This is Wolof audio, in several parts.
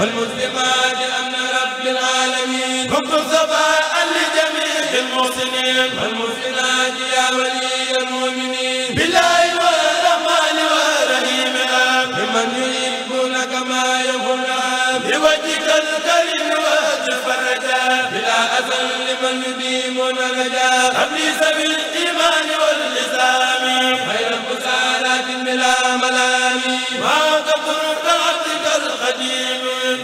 والمسلمات أمن رب العالمين كنت صفاء لجميع المحسنين والمسلمات يا ولي المؤمنين بالله والرحمن والرحيم لمن يحبون كما يحبون بوجهك الكريم وجف الرجاء بلا أذى لمن يديمون الرجاء أبليس بالإيمان والإسلام خير البشارات بلا ملام ما كفر عبدك الخجيل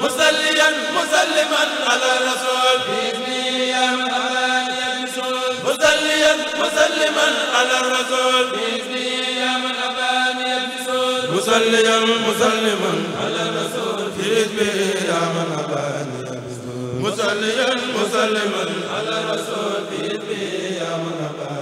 مسليا مسلما على الرسول بإذنه أبدا يسول مسليا مسلما على الرسول بإذنه أبدا يسول مسليا مسلما على الرسول بإذنه أبدا يسول مسليا مسلما على الرسول بإذنه أبدا